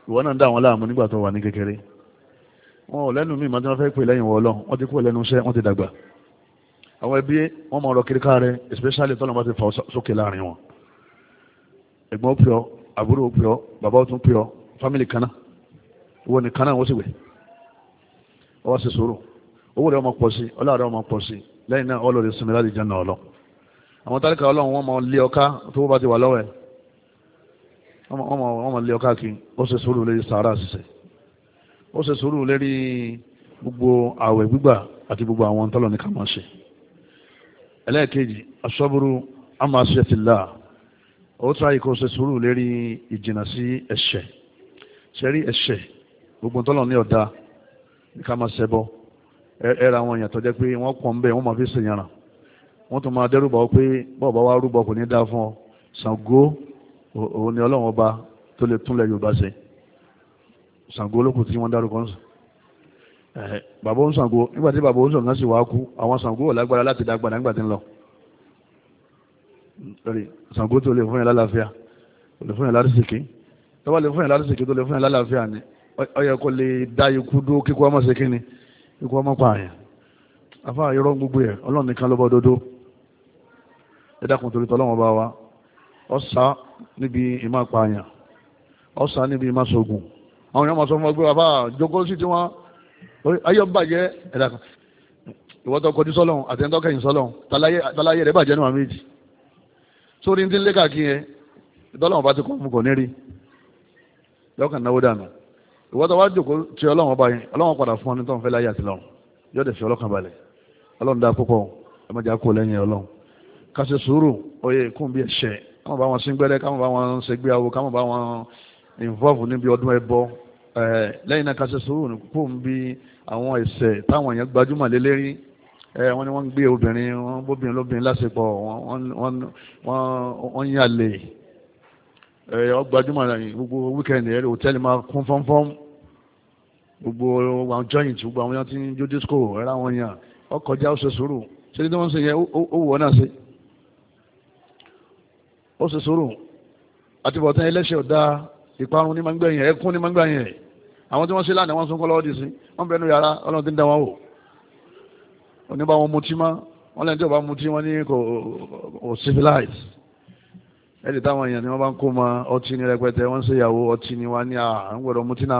ìwọ náà ń da àwọn láàmú nígbà tó wà ní kékeré wọn ò lẹ́nu míì máa tí wọ́n fẹ́ pè lẹ́yìn wọ ọlọ́ wọ́n ti kúrò lẹ́nu iṣẹ́ wọ́n ti dàgbà àwọn ẹbí wọ́n máa rọ kíríkà rẹ especially tọ́lọ́ bá ti fà sókè láàrin wọn ẹ̀gbọ́n pìọ́ àbúrò pìọ́ bàbá òtún pìọ́ family kaná ìwọ nìkan náà wọ́n sì wẹ̀ ọwọ́ sì sùúrù owó rẹ̀ ọmọ pọ̀ sí ọlá rẹ̀ ọmọ pọ̀ sí lẹ́yìn náà ọlọ́rẹ̀ sinmi láti jẹ́ náà lọ àwọn tálíkà ọlọ́run wọn mọ lé ọká tó bá ti wà lọ́wọ́ ẹ̀ wọ́n mọ lé ọká kí ó ṣe sùúrù lérí sàárà ṣiṣẹ́ ó ṣe sùúrù lérí gbogbo àwẹ̀ gbígbà àti gbogbo àwọn tọ́lọ̀ ní kàmọ́ ṣe ẹlẹ́ẹ̀kejì asọ́bùrù àmà ó tráyì kó ṣe sùúrù lérí ìjìnà sí ẹ̀ṣẹ̀ ṣẹ́rí ẹ̀ṣẹ̀ gbogbo tọ́lọ̀ ní ọ̀dà ní kàmọ́ ṣẹbọ́ ẹ̀rà àwọn èèyàn tó jẹ́ pé wọ́n kàn ń bẹ̀ wọ́n máa fi ṣèyànrà wọ́n tún máa dẹ́rùbà ó pé bọ́ọ̀bá wa rúbọ kò ní dá fún ọ Ṣàngó òun ni ọlọ́run ọba tó lè túnlẹ̀ Yorùbá ṣe Ṣàngó olókùn tí wọ́n dárúkọ ń sùn bàbá ń Ṣàngó nígbà tí bàbá ń Ṣàngó sì wá kú àwọn Ṣàngó ò lágbára láti dàgbà nígbà tí ń lọ Ṣàngó tó lè fún yẹn lálàáfíà tó lè fún yẹn lálàáfíà tó lè fún yẹn lálàáfíà tó lè fún yẹn lálàáfíà ni ó yẹ kó lè dá ikú dúró kíkú ọmọ ṣe kí ni ikú ọmọ pààyàn afá irọ́ gbogbo ẹ̀ ọlọ́run nìkan lọ́bọ̀ dodo ẹ̀dàkùn torí tọ́lọ́wọ́n bá wa ọ̀sá níbi ìmá pààyàn ọ̀sá níbi ìmá sọ̀gùn àwọn èèyàn máa sọ fún ọ pé bàbá jókòó sí tiwọn ayọ̀ ń bàjẹ́ ẹ̀dàkùn ìwọ́tọ̀ kọjú sọ́lọ́run àti ẹ̀ńtọ́ kẹyìn sọ́lọ́run tàláyé rẹ̀ bàjẹ́ níwọ̀n méjì sórí ní ti ń lé káàkiri yẹn ìtọ́lọ́wọ́n bá ti kọ́ fún kò ní rí lọ́kàn náwó dànù ìwọ́n tó wá jòkó tí ọlọ́run ọba yẹn ọlọ́run padà fún ọ ní tó ń fẹ́ láyé àti lọ́run yóò dẹ̀ fi ọlọ́kàn balẹ̀ ọlọ́run dá púpọ̀ ẹ má jà kó lẹ́yìn ọlọ́run ká ṣe sùúrù oyè kún bí ẹ̀ṣẹ̀ ká má bá wọn síngbẹ́rẹ́ ká má bá wọn ṣègbé ká má bá wọn involve níbi ọdún ẹbọ lẹ́yìn náà ká ṣe sùúrù kún bí àwọn ẹ̀ṣẹ̀ táwọn èèyàn gbajúmọ̀ lélẹ́rí wọ́n ní wọ́n ń gbé obìnrin wọ́n bóbìnrin lóbìnrin láṣepọ̀ wọ́n ń yàlè ẹ̀yọ́ gbajúmọ̀ lẹ́yìn gbogbo wíkẹ́ndì ẹ̀rọ hòtẹ́ẹ̀lì máa kún fọ́nfọ́n gbogbo àwọn jọ́yìntì gbogbo àwọn yàtí jó disco ẹ̀rọ àwọn yàn ọkọjá ó ṣe sùúrù ṣe tí wọ́n ń ṣe yẹn ó wọ̀ náà ṣe ó ṣe sùúrù àti bọ̀tán ẹlẹ́ṣẹ̀ ọ̀dá ìparun ní mangbẹ́ yẹn ẹkún ní mangbẹ́ yẹn àwọn tí wọ́n ṣe lánàá wọ́n sún kọ́ lọ́wọ́ dì sí wọ́n bẹ̀rù yàrá ọlọ́run ti ń da civilized ẹ̀dì táwọn èèyàn ni wọ́n bá ń kó ma ọtí ní rẹpẹtẹ wọ́n ń ṣèyàwó ọtí ni wọ́n ní àwọn gbọ́dọ̀ mutí náà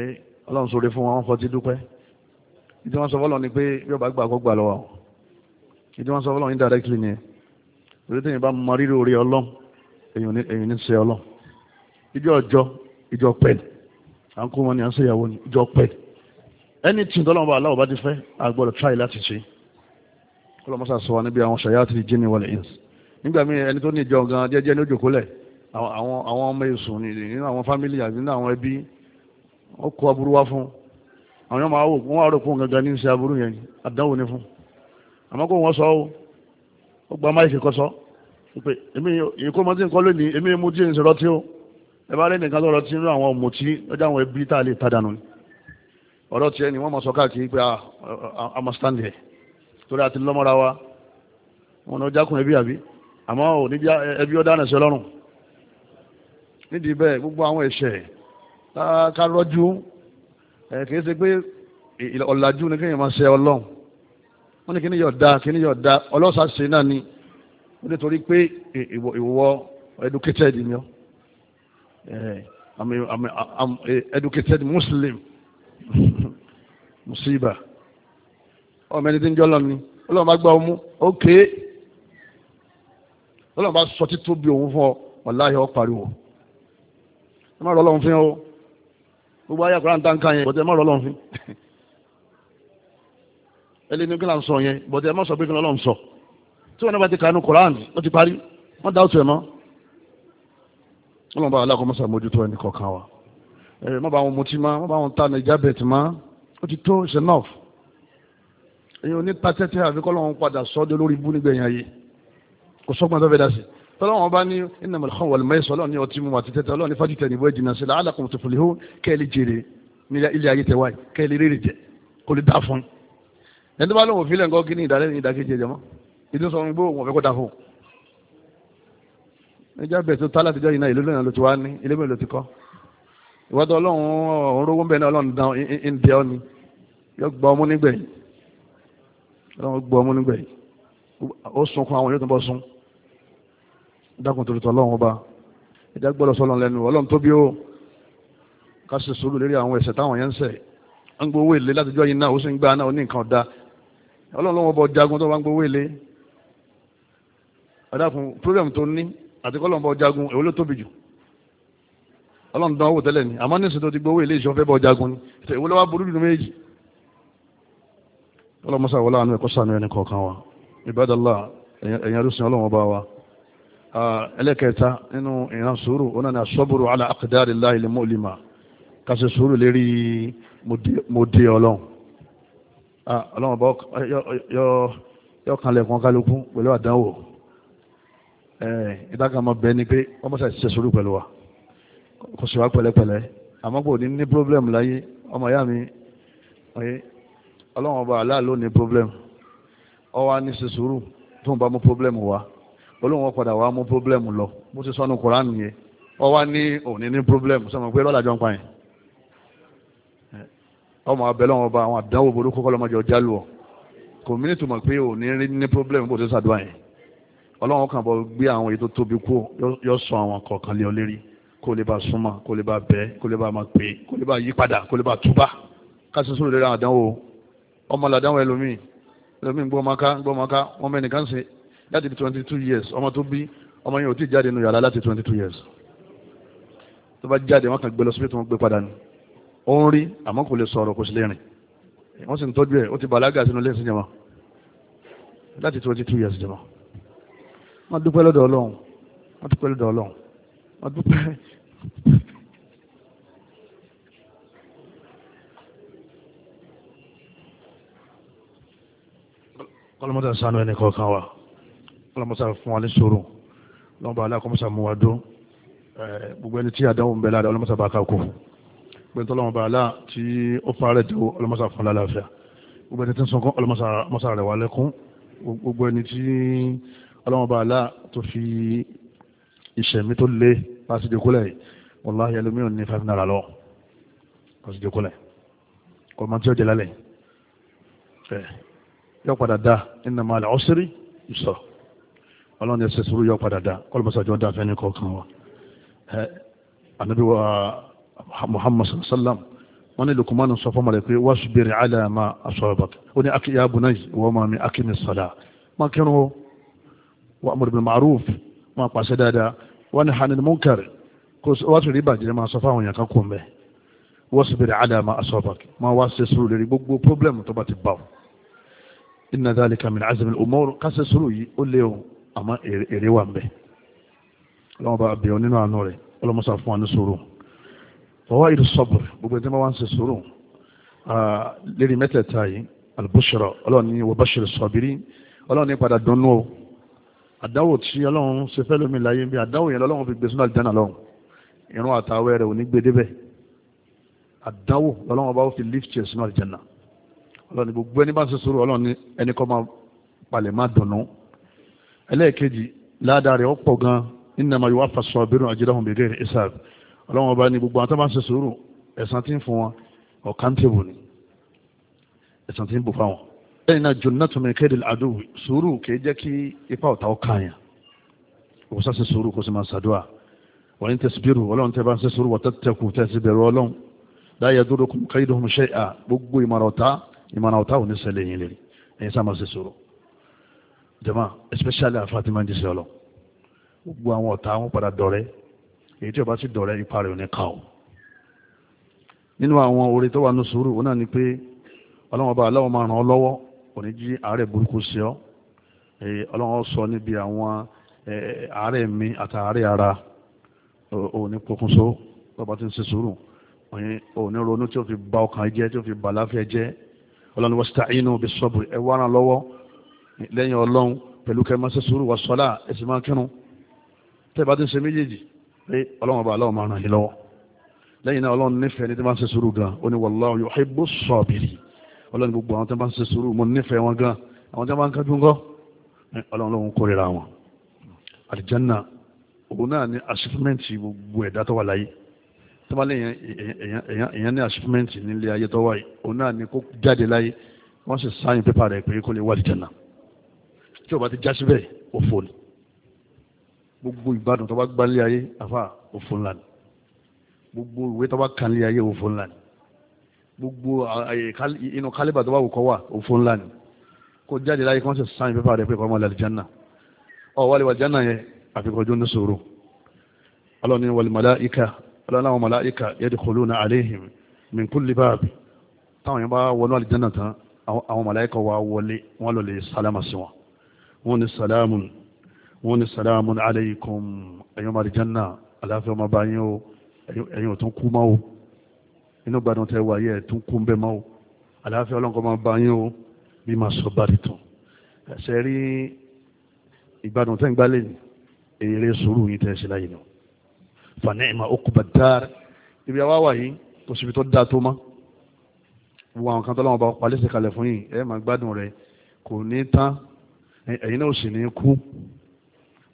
ẹ ọlọ́run sọ̀rọ̀ fún wọn fọtí dúpẹ́ ìdí wọn sọ fọlọ́ ni pé bí ọba gbà kó gbà lọ́wọ́ ìdí wọn sọ fọlọ́ ní directly ni orí tẹ̀yìn bá mọ rírì orí ọlọ́run èyàn ní ṣe ọlọ́run ìjọ ọjọ́ ìjọ pẹ̀l à ń kó wọn ni à ń ṣèyàwó ni ìjọ pẹ̀l ẹni tí ìtọ́lọ́wọ́n bá aláwọ̀ bá nígbà míì ẹni tó ní ìjọ gan jẹ́jẹ́ ní òjòkólẹ̀ àwọn ọmọ èsùn nínú àwọn fámìlì àti nínú àwọn ẹbí ó kó aburú wá fún àwọn ọmọ àwò wọn wà rò fún gangan ní ṣe aburú yẹn àdánwò ní fún àmọ́ kó wọ́n sọ ó ó gba máìkì kọ́ sọ pé èmi ìkómọtí nǹkan lónìí èmi mú díẹ̀ ń ṣe rọtí ó ẹ bá lẹ́nìkan tó rọtí nínú àwọn ọmọtí lọ́jọ́ àwọn ẹbí tá a lè tadànù ni ọ̀rọ̀ tiẹ̀ ni wọ́n mọ̀ sọ káàkiri pé àmọ́ stand here torí àti lọ́mọ́ra wa wọn ò jákùn ẹbí àbí àmọ́ ò níbi ẹbí ọ̀dá ẹ̀sẹ̀ lọ́rùn nídìí bẹ́ẹ̀ gbogbo àwọn ẹ̀ṣẹ̀ ká rọ́jú kì í ṣe pé ọ̀làjú ni kéèyàn máa ṣe ọlọ́run wọ́n ní kí ni yọ̀ da kí ni yọ̀ da ọlọ́sà ṣe náà ni ó ní torí pé ìwọ educated ni ọ́ I'm a, I'm a, I'm a educated Muslim musiba ọmọ ẹni tí ń jọ́ lọ ni ọlọ́run bá gbá ọmú ókè. Okay ọlọ́run bá sọ títún bí òun fún ọ wàláhì ọ pariwo ẹ má rọ ọlọ́run fín o gbogbo ayé àkùrá ń tán ká yẹn bọ́tẹ́ ẹ má rọ ọlọ́run fín ẹlẹ́ ní kílà ń sọ yẹn bọ́tẹ́ ẹ má sọ pé kílà ọlọ́run sọ tí wọn náà bá ti kànú koran ó ti parí wọn dá òtún ẹ mọ́ ọlọ́run bá wà láàkó mọ́sá mójútó ẹnì kọ̀ọ̀kan wa ẹ má bá wọn mutí má má bá wọn tán ẹja bẹ̀tì má ó ti tó ṣe náà èyí ò ní pàtẹ́tẹ́ àfikọ́ lọ́wọ́n padà sọ́ọ́ kò sọ́gbọ́n tó fẹ́ dá sí tọ́lọ́wọ́n bá ní innamal khamru wal maisiru ọlọ́run ní ọtí mu àti tẹ́tẹ́ ọlọ́run ní fájú tẹ̀ níbo ìjìnà sí la'allakum tuflihun kẹ́ẹ̀lì jèrè ní ilé ayé tẹ̀ wáyé kẹ́ẹ̀lì rèrè jẹ kò lè dá fún un ẹni tó bá lóun òfin lẹ́ǹkọ́ kí ní ìdálẹ́ ní ìdákejì ẹ̀jẹ̀ mọ́ ìdí sọ wọn gbóhùn ọ̀fẹ́ kó dá fún un. ẹjọ́ bẹ̀ dákun torí tọ́lọ́run ọba ìjà gbọ́dọ̀ sọ́lọ́n lẹ́nu ọlọ́run tó bí ó ká ṣe sùúrù lérí àwọn ẹ̀ṣẹ̀ táwọn yẹn ń ṣẹ̀ ń gbowó èlé látijọ́ yìí náà ó sì ń gbá náà ó ní nǹkan ọ̀dà ọlọ́run lọ́wọ́ bọ jagun tó bá ń gbowó èlé ọ̀dàkùn problem tó ní àti kọ́ lọ́wọ́ bọ jagun èwo ló tóbi jù ọlọ́run dán owó tẹ́lẹ̀ ni àmọ́ ní ìsìn tó ti gbowó èlé ìṣọ́ fẹ́ bọ jagun ni èwo lọ́wọ́ ọlọ́run ọba wa ẹlẹ́kẹta nínú ìran sùúrù ó náà ní asọ́bùrù ala àkàdáàrí láìlè mọ́lìmá kàṣẹ sùúrù lérí mòdè ọlọ́run ọlọ́run bọ́ yọ kanlẹ̀kùn kálukú pẹ̀lú àdánwò ìdákàmọ́ bẹ́ẹ̀ ni pé wọ́n mọ̀ sáà ṣiṣẹ́ sùúrù pẹ̀lú wa kò sì wá pẹ̀lẹ́pẹ̀lẹ́ àmọ́ kò ní ní pírọ́blẹ́mù láyé ọmọ ìyá mi ọlọ́run ọba aláàlú ní pírọ́blẹ́mù ọwọ́ á ní sùúrù tó ń bá mú pírọ́blẹ́mù wá olóhùn ọ̀padà wa mú pírọ́blẹ́mù lọ mo ti sọnù koran yẹn ọ wá ní òní ní pírọ́blẹ́mù sọmọ pé lọ́làjọ́ ń pa yẹn ọmọ abẹ́lẹ́ wọn ba àwọn àdánwò burúkú kọ́lọ́mọdé ọjà lù ọ kò mí nítumọ̀ pé òní ní pírọ́blẹ́mù bó ti sàdúrà yẹn ọlọ́run kàn bọ́ gbé àwọn èyí tó tóbi kú yọ sọ àwọn kọ̀ọ̀kan lé ọ lérí kó lè bá súnmọ́ kó lè bá bẹ́ kó lè bá máa pè kó lè bá yí padà kó lè bá túbà kásì sóòrè lórí àwọn àdánwò ọmọ làdánwò ẹlòmíì ẹlòmíì gbọ́ ọmọ ká gbọ́ ọmọ ká wọ́n mẹ́nìkan ṣe láti twenty two years ọmọ tó bí ọmọ yẹn ò tí jáde nínú yàrá láti twenty two years tó bá jáde wọn kàn gbé lọ síbi tí wọn gbé padà ni ó ń rí àmọ́ kò lè sọ̀rọ̀ kò sì lè rìn wọ́n sì ń tọ́jú ẹ̀ ó ti bàlágà sínú lẹ́sìn jẹ̀mọ́ láti twenty two years jẹ̀mọ́ wọ́n dúpẹ́ lọ́dọ̀ ọlọ́run wọ́n dúpẹ́ lọ́dọ̀ ọlọ́run wọ́n dúpẹ́ kọlọmọdé sanu ẹnì kọ̀ọ̀kan wa ọlọ́mọsá fún wa ní sòrò lọ́mọba aláàkọ́mọsá mú wa dún gbogbo ẹni tí àdánwò ń bẹ láàdá ọlọ́mọsá bá kákó pé tọ́lọ́mọba alá tí ó parẹ́ tó ọlọ́mọsá fún lálàáfíà gbogbo ẹni tí ń sunkún ọlọ́mọsá rẹ̀ wà lẹ́kún gbogbo ẹni tí ọlọ́mọba alá tó fi ìṣẹ̀mí tó lé láti dèkúlẹ̀ wàláhì ẹlòmíràn ní five naira lọ láti dèkúlẹ̀ ọmọ tí ó jẹ lálẹ́ yọ padà dá ẹnìmọ̀ àlẹ́ ọ̀sẹ̀rí ìṣọ̀rọ̀ ọlọ́run ẹsẹ̀ sùúrù yọ padà dá kọlùmọ́sàjọ́ dá fẹ́ ní kọ̀ọ̀kan wa anabiwa muhammad sallam wọ́n ní lukumanu sọ fọ́mọ̀ rẹ̀ pé wasbir ala ma asabak ó ní ya bunay wọ́n máa mi akimi sọ̀dá máa kírun o wa amur bil ma'ruf máa pàṣẹ dáadáa wọ́n ní hanin munkar kó wá sí rí bàjẹ́ máa sọ fáwọn yàn kan kún bẹ́ẹ̀ wasbir ala ma asabak máa wá ṣe sùúrù lórí gbogbo pọ́blẹ́mù tó bá ti bá o inna dhalika min azmi al-umur ká ṣe sùúrù yìí àmọ́ èrè wà ń bẹ ọlọ́wọ́n bá bẹ̀rẹ̀ nínú àánú rẹ̀ ọlọ́mọsà fún wa ní sùúrù ọwọ́ ìlú sọ́bùrù gbogbo ẹni tí wọ́n wá ń ṣe sùúrù lérí mẹ́tẹ̀ẹ̀ta yìí albushra ọlọ́run ní wọ́n bashir sọ́bìrì ọlọ́run ní padà dunnú o àdáwò tí ọlọ́run ṣe fẹ́ lómi láyé bí àdáwò yẹn lọ́lọ́run fi gbé sínú àlùjánnà lọ́run irun àtàwẹ́ rẹ̀ ò ní gbé débẹ̀ àdáwò lọ́lọ́run bá fi lift yẹn sínú àlùjánnà ọlọ́run gbogbo ẹni bá ń ṣe sùúrù ọlọ́run ní ẹni máa palẹ̀ má dunnú ẹlẹ́ẹ̀kejì ládàá rẹ̀ ọ̀pọ̀ gan innama yuwaffa as-sabiruna ajrahum bighairi hisab ọlọ́wọ́n bá ní gbogbo àwọn tó bá ń ṣe sùúrù ẹ̀san tí ń fún wọn ọ̀kántébù ni ẹ̀san tí ń bù fáwọn. lẹ́yìn náà junnatu min kaydil aduw sùúrù kì í jẹ́ kí ipa ọ̀tá ó kààyàn òkúta ṣe sùúrù kó sì máa ṣàdúrà wọ́n ń ṣe sùúrù jama especially àfàtìmọ́ ní sọlọ gbogbo àwọn ọ̀tá wọn padà dọ̀rẹ́ èyí tí ó bá sì dọ̀rẹ́ ipa rẹ̀ ò ká o nínú àwọn oore tó wà ní sùúrù wọn náà ni pé ọlọ́wọ́n bá aláwọ̀ máa ràn ọ́ lọ́wọ́ kò ní jí àárẹ̀ burúkú sí ọ ọlọ́wọ́n sọ níbi àwọn àárẹ̀ mi àti ara ò ní pokùnso bàbá tí ń ṣe sùúrù ò ní ronú tí ó fi ba ọkàn jẹ́ tí ó fi ba láfẹ́ jẹ́ ọlọ́ni wasta'inu bis-sabri ẹ wá ràn lọ́wọ́ lẹ́yìn ọlọ́run pẹ̀lú kẹ́ máa ṣe sùúrù wà sọ́lá ẹ̀sìn máa kírun tẹ́ bá ti ṣe méjèèjì pé ọlọ́run ọba aláwọ̀ máa ràn yín lọ́wọ́ lẹ́yìn náà ọlọ́run nífẹ̀ẹ́ ní tí máa ṣe sùúrù gan ó ní wallahu yuhibbu sabiri ọlọ́run gbogbo àwọn tí máa ṣe sùúrù mo nífẹ̀ẹ́ wọn gan àwọn tí máa ń kájú ńkọ́ ọlọ́run lóhun kórìíra wọn àlìjánná òun náà ní achievementi gbogbo ẹ̀dá tó wà láyé tó bá lẹ́yìn èèyàn ní achievementi nílé ayé tó yìí òun náà ní kó jáde láyé wọ́n sì sáyìn pépà rẹ̀ pé kó lè wà àlìjánná tí o bá ti já síbẹ̀ òfò ni gbogbo ìbádùn tó bá gbálé ayé àfa òfò ńlá ni gbogbo ìwé tó bá kànlé ayé òfò ńlá ni gbogbo inú kálíbà tó bá wù kọ́ wà òfò ńlá ni kó jáde láyé kọ́ńsẹ̀ sáyìn pépà rẹ̀ pé kọ́ ọmọ ilẹ̀ àlìjánà ọ̀ wálé wà jánà yẹn àfikọ́jú ní sòrò alọ́ni wàlìmọ̀láìka alọ́ni àwọn mọ̀láìka yadkhuluna alayhim min kulli báàbì táwọn yẹn bá wọnú àlìjánà tán àwọn mọ̀láìka wà wọlé wọn lọ lè sálámà sí wọn wọ́n ní sàlámù wọ́n ní sàlámù aláìkùm ẹ̀yin màrìjánà aláfẹ́ ọmọ bá yín o ẹ̀yin ò tún kú mọ́ o inú gbádùn tẹ́ wáyé ẹ̀ tún kú bẹ́ẹ̀ mọ́ o aláfẹ́ ọlọ́nkọ́ máa bá yín o bí máa sọ bá dìtàn ẹ̀sẹ̀ rí ìgbádùn tẹ́ ń gbálẹ̀ èrè sùúrù yín tẹ́ ṣe láyé nù fàní ìmọ̀ okùnbà dáar ibi àwa wà yìí kò síbi tó dáa tó mọ́ gbogbo àwọn kan tó lọ́wọ́ bá palẹ́sẹ̀ kalẹ̀ fún yìí ẹ̀ máa gbádùn rẹ̀ kò ní tán ẹ̀yin náà sì ní kú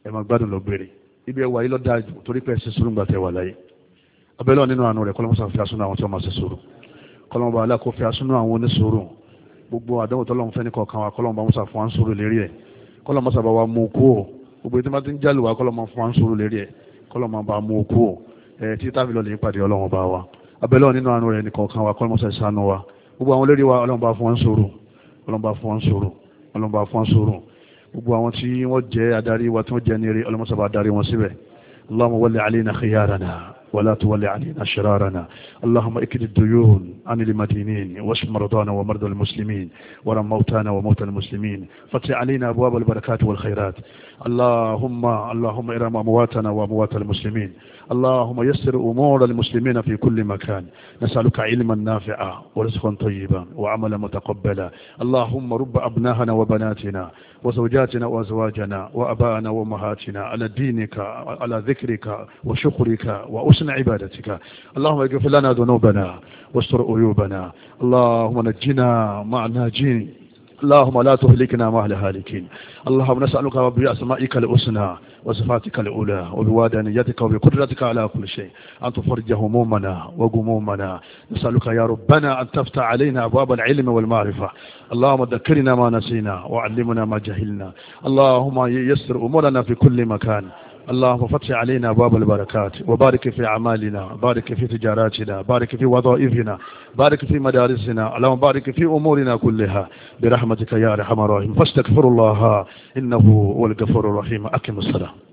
ẹ̀ máa gbádùn lọ bèrè ibi ẹwà yìí lọ dáa jù torí pé ẹsẹ̀ sùúrù ń gbà tẹ̀ wà láyé abẹ́lẹ́ nínú àánú rẹ̀ kọ́lọ́mọ́sá fi asúnú àwọn tí wọ́n máa ṣe sùúrù kọ́lọ́mọba aláko fi asúnú àwọn onísùúrù gbogbo àdánwò tọ́lọ́mù fẹ́ ní kọ̀ọ̀kan wa kọ́lọ́mọba musa fún wọn sùúrù lérí ẹ̀ kọ́lọ́mọsá bá wa mú kú o gbogbo ètò máa ń jálù wa kọ́lọ́mọ fún wọn sùúrù lérí ẹ̀ kọ́lọ́mọba mú kú o ẹ̀ tí tábìlì lọ́ọ́ lè pàdé ọlọ́run bá wa abẹ́lẹ́ nínú àánú rẹ̀ ní wa kọ́lọ́mọsá ìsánú wa gbogbo àwọn olórí wa ọlọ́run bá fún wọn sùúrù ọlọ́run bá fún wọn sùúrù ọlọ́run bá fún wọn sùúrù gbogbo àwọn tí wọ́n jẹ́ adarí wa tí wọ́n jẹ́ nírí ọlọ́mọsàbà adarí wọn síbẹ̀ Allahumma walli alaina khiyarana ولا تولي علينا شرارنا اللهم اكد الديون عن المدينين واشف مرضانا ومرضى المسلمين ورم موتانا وموتى المسلمين فتح علينا أبواب البركات والخيرات اللهم اللهم ارم أمواتنا وأموات المسلمين اللهم يسر أمور المسلمين في كل مكان نسألك علما نافعا ورزقا طيبا وعملا متقبلا اللهم رب أبناءنا وبناتنا وزوجاتنا وأزواجنا وأبائنا وأمهاتنا على دينك على ذكرك وشكرك وأسرك حسن عبادتك اللهم اغفر لنا ذنوبنا واستر عيوبنا اللهم نجنا مع الناجين اللهم لا تهلكنا مع الهالكين اللهم نسألك ربي بأسمائك الحسنى وصفاتك الأولى وبوادنيتك وبقدرتك على كل شيء أن تفرج همومنا وغمومنا نسألك يا ربنا أن تفتح علينا أبواب العلم والمعرفة اللهم ذكرنا ما نسينا وعلمنا ما جهلنا اللهم يسر أمورنا في كل مكان اللهم فتح علينا باب البركات وبارك في أعمالنا بارك في تجاراتنا بارك في وظائفنا بارك في مدارسنا اللهم بارك في أمورنا كلها برحمتك يا أرحم الراحمين فاستغفر الله إنه هو الغفور الرحيم أكم السلام